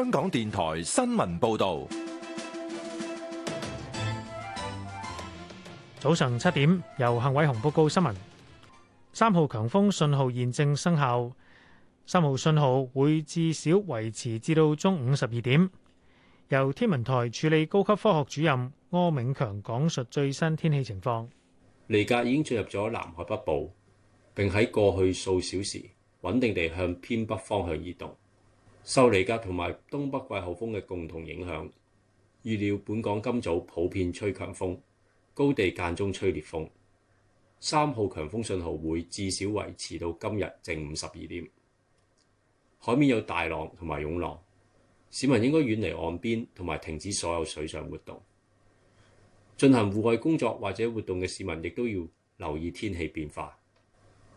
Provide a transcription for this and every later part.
香港電台新聞報道，早上七點，由幸偉雄報告新聞。三號強風信號現正生效，三號信號會至少維持至到中午十二點。由天文台處理高級科學主任柯永強講述最新天氣情況。尼格已經進入咗南海北部，並喺過去數小時穩定地向偏北方向移動。受尼格同埋東北季候風嘅共同影響，預料本港今早普遍吹強風，高地間中吹烈風。三號強風信號會至少維持到今日正午十二點。海面有大浪同埋湧浪，市民應該遠離岸邊同埋停止所有水上活動。進行戶外工作或者活動嘅市民亦都要留意天氣變化。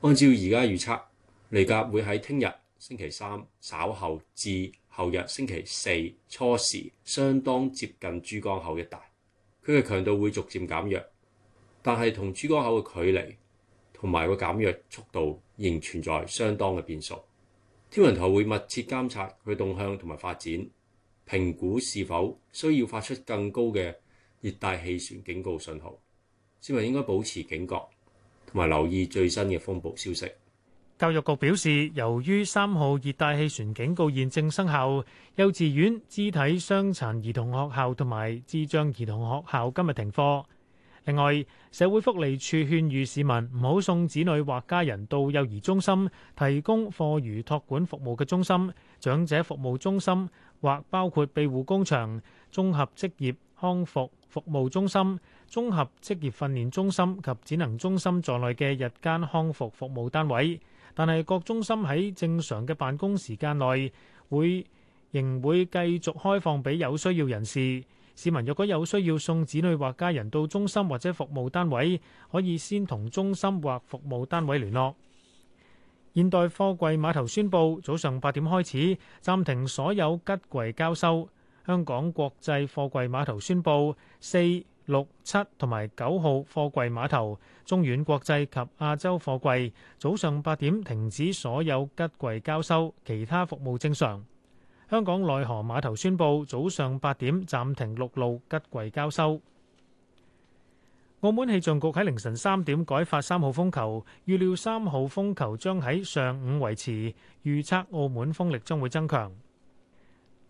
按照而家預測，尼格會喺聽日，星期三稍後至後日星期四初時，相當接近珠江口一帶，佢嘅強度會逐漸減弱，但係同珠江口嘅距離同埋個減弱速度仍存在相當嘅變數。天文台會密切監察佢動向同埋發展，評估是否需要發出更高嘅熱帶氣旋警告信號。市民應該保持警覺同埋留意最新嘅風暴消息。教育局表示，由於三號熱帶氣旋警告現正生效，幼稚園、肢體傷殘兒童學校同埋智障兒童學校今日停課。另外，社會福利處勸喻市民唔好送子女或家人到幼兒中心、提供課餘託管服務嘅中心、長者服務中心或包括庇護工場、綜合職業康復服務中心、綜合職業訓練中心及展能中心在內嘅日間康復服務單位。但係各中心喺正常嘅辦公時間內，會仍會繼續開放畀有需要人士。市民若果有需要送子女或家人到中心或者服務單位，可以先同中心或服務單位聯絡。現代貨櫃碼頭宣布早上八點開始，暫停所有吉櫃交收。香港國際貨櫃碼頭宣布四、六、七同埋九號貨櫃碼頭、中遠國際及亞洲貨櫃，早上八點停止所有吉櫃交收，其他服務正常。香港內河碼頭宣布早上八點暫停陸路吉櫃交收。澳門氣象局喺凌晨三點改發三號風球，預料三號風球將喺上午維持，預測澳門風力將會增強。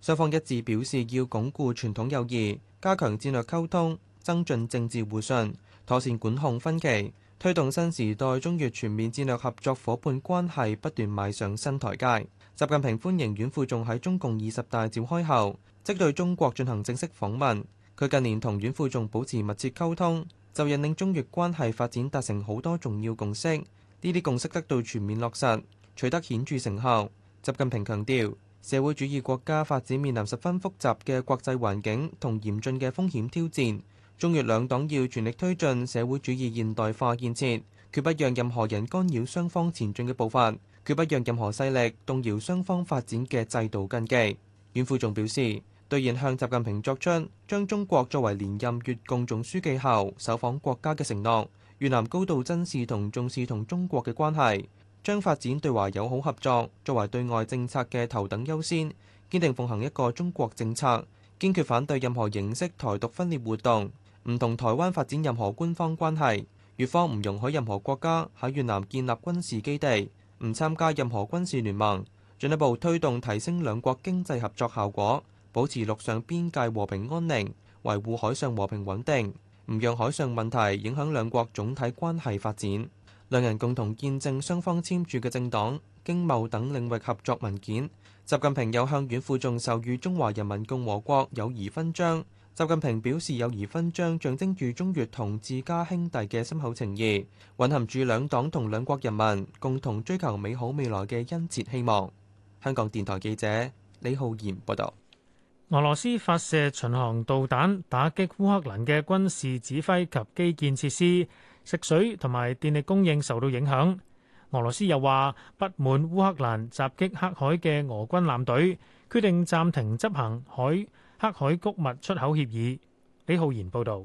雙方一致表示，要鞏固傳統友誼，加強戰略溝通，增進政治互信，妥善管控分歧，推動新時代中越全面戰略合作伙伴關係不斷邁上新台階，習近平歡迎阮富仲喺中共二十大召開後，即對中國進行正式訪問，佢近年同阮富仲保持密切溝通，就引領中越關係發展達成好多重要共識，呢啲共識得到全面落實，取得顯著成效。習近平強調。社會主義國家發展面臨十分複雜嘅國際環境同嚴峻嘅風險挑戰，中越兩黨要全力推進社會主義現代化建設，決不讓任何人干擾雙方前進嘅步伐，決不讓任何勢力動搖雙方發展嘅制度根基。阮富仲表示，兌現向習近平作出將中國作為連任越共總書記後首訪國家嘅承諾，越南高度珍視同重視同中國嘅關係。將發展對華友好合作作為對外政策嘅頭等優先，堅定奉行一個中國政策，堅決反對任何形式台獨分裂活動，唔同台灣發展任何官方關係。越方唔容許任何國家喺越南建立軍事基地，唔參加任何軍事聯盟，進一步推動提升兩國經濟合作效果，保持陸上邊界和平安寧，維護海上和平穩定，唔讓海上問題影響兩國總體關係發展。兩人共同見證雙方簽署嘅政黨、經貿等領域合作文件。習近平有向阮富仲授予中華人民共和國友誼勳章。習近平表示，友誼勳章象徵住中越同志家兄弟嘅深厚情誼，蘊含住兩黨同兩國人民共同追求美好未來嘅殷切希望。香港電台記者李浩然報道。俄羅斯發射巡航導彈，打擊烏克蘭嘅軍事指揮及基建設施。食水同埋電力供應受到影響。俄羅斯又話，不滿烏克蘭襲擊黑海嘅俄軍艦隊，決定暫停執行海黑海谷物出口協議。李浩然報導。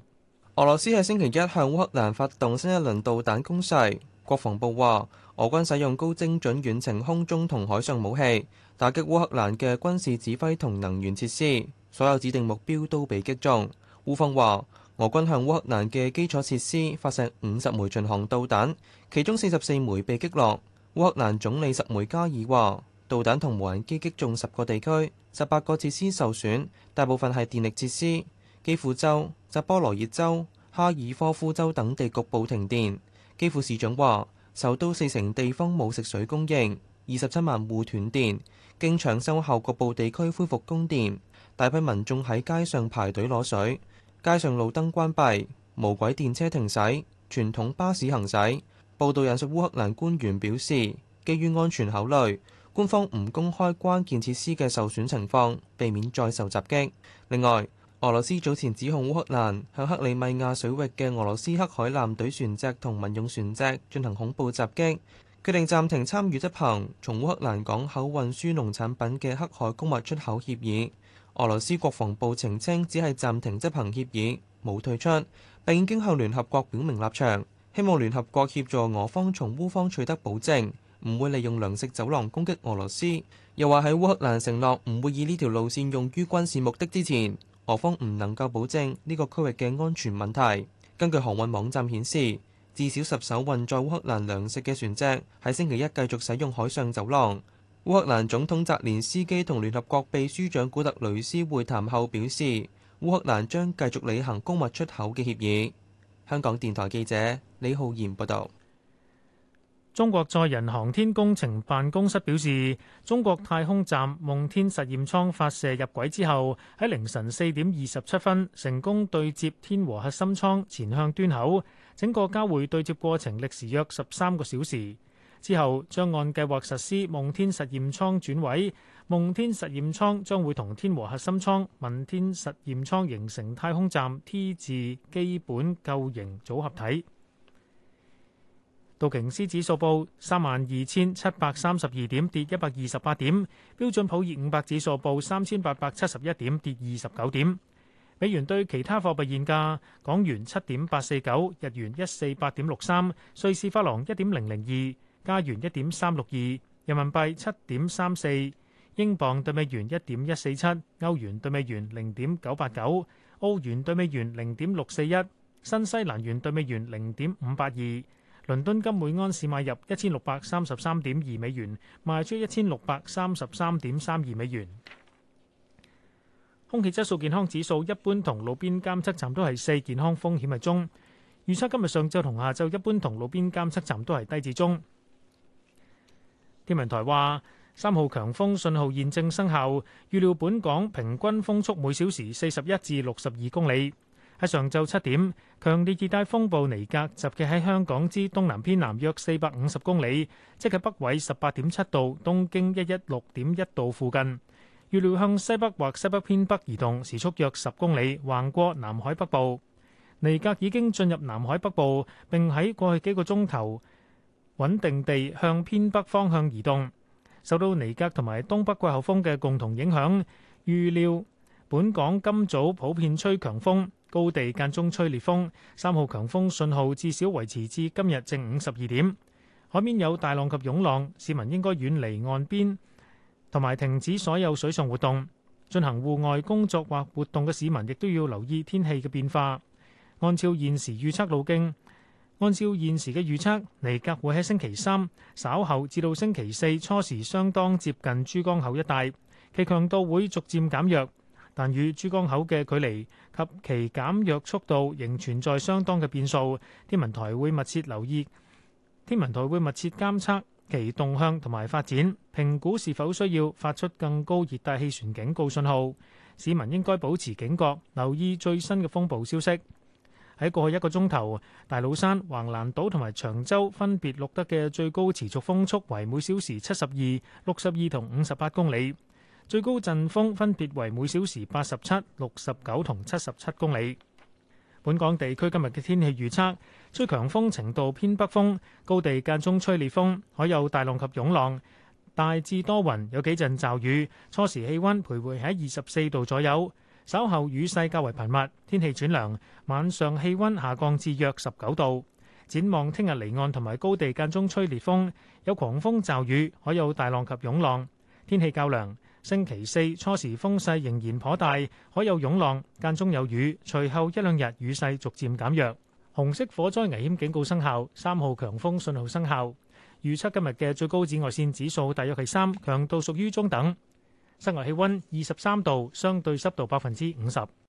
俄羅斯喺星期一向烏克蘭發動新一輪導彈攻勢。國防部話，俄軍使用高精準遠程空中同海上武器，打擊烏克蘭嘅軍事指揮同能源設施，所有指定目標都被擊中。烏方話，俄軍向烏克蘭嘅基礎設施發射五十枚巡航導彈，其中四十四枚被擊落。烏克蘭總理什梅加爾話：導彈同無人機擊中十個地區，十八個設施受損，大部分係電力設施。基輔州、扎波羅熱州、哈爾科夫州等地局部停電。基輔市長話：首都四成地方冇食水供應，二十七萬戶斷電。經搶修後，局部地區恢復供電，大批民眾喺街上排隊攞水。街上路燈關閉，無軌電車停駛，傳統巴士行駛。報道引述烏克蘭官員表示，基於安全考慮，官方唔公開關鍵設施嘅受損情況，避免再受襲擊。另外，俄羅斯早前指控烏克蘭向克里米亞水域嘅俄羅斯黑海艦隊船隻同民用船隻進行恐怖襲擊，決定暫停參與執行從烏克蘭港口運輸農產品嘅黑海穀物出口協議。俄羅斯國防部澄清，只係暫停執行協議，冇退出。並經向聯合國表明立場，希望聯合國協助俄方從烏方取得保證，唔會利用糧食走廊攻擊俄羅斯。又話喺烏克蘭承諾唔會以呢條路線用於軍事目的之前，俄方唔能夠保證呢個區域嘅安全問題。根據航運網站顯示，至少十艘運載烏克蘭糧食嘅船隻喺星期一繼續使用海上走廊。烏克蘭總統澤連斯基同聯合國秘書長古特雷斯會談後表示，烏克蘭將繼續履行穀物出口嘅協議。香港電台記者李浩然報道。中國載人航天工程辦公室表示，中國太空站夢天實驗艙發射入軌之後，喺凌晨四點二十七分成功對接天和核心艙前向端口，整個交會對接過程歷時約十三個小時。之後將按計劃實施夢天實驗艙轉位。夢天實驗艙將會同天和核心艙、問天實驗艙形成太空站 T 字基本構型組合體。道瓊斯指數報三萬二千七百三十二點，跌一百二十八點。標準普爾五百指數報三千八百七十一點，跌二十九點。美元兌其他貨幣現價：港元七點八四九，日元一四八點六三，瑞士法郎一點零零二。加元一點三六二，2，人民幣七點三四，英鎊對美元一點一四七，歐元對美元零點九八九，歐元對美元零點六四一，新西蘭元對美元零點五八二。倫敦金每安士買入一千六百三十三點二美元，賣出一千六百三十三點三二美元。空氣質素健康指數一般同路邊監測站都係四，健康風險係中，預測今日上晝同下晝一般同路邊監測站都係低至中。天文台話：三號強風信號現正生效，預料本港平均風速每小時四十一至六十二公里。喺上晝七點，強烈熱帶風暴尼格集結喺香港之東南偏南約四百五十公里，即係北緯十八點七度、東經一一六點一度附近。預料向西北或西北偏北移動，時速約十公里，橫過南海北部。尼格已經進入南海北部，並喺過去幾個鐘頭。穩定地向偏北方向移動，受到尼格同埋東北季候風嘅共同影響，預料本港今早普遍吹強風，高地間中吹烈風，三號強風信號至少維持至今日正午十二點。海面有大浪及湧浪，市民應該遠離岸邊，同埋停止所有水上活動。進行戶外工作或活動嘅市民亦都要留意天氣嘅變化。按照現時預測路徑。按照現時嘅預測，尼格會喺星期三稍後至到星期四初時相當接近珠江口一帶，其強度會逐漸減弱，但與珠江口嘅距離及其減弱速度仍存在相當嘅變數。天文台會密切留意，天文台會密切監測其動向同埋發展，評估是否需要發出更高熱帶氣旋警告信號。市民應該保持警覺，留意最新嘅風暴消息。喺過去一個鐘頭，大老山、橫瀾島同埋長洲分別錄得嘅最高持續風速為每小時七十二、六十二同五十八公里，最高陣風分別為每小時八十七、六十九同七十七公里。本港地區今日嘅天氣預測：吹強風程度偏北風，高地間中吹烈風，可有大浪及湧浪，大致多雲，有幾陣驟雨。初時氣温徘徊喺二十四度左右。稍後雨勢較為頻密，天氣轉涼，晚上氣温下降至約十九度。展望聽日離岸同埋高地間中吹烈風，有狂風驟雨，可有大浪及湧浪，天氣較涼。星期四初時風勢仍然頗大，可有湧浪，間中有雨，隨後一兩日雨勢逐漸減弱。紅色火災危險警告生效，三號強風信號生效。預測今日嘅最高紫外線指數大約係三，強度屬於中等。室外氣溫二十三度，相對濕度百分之五十。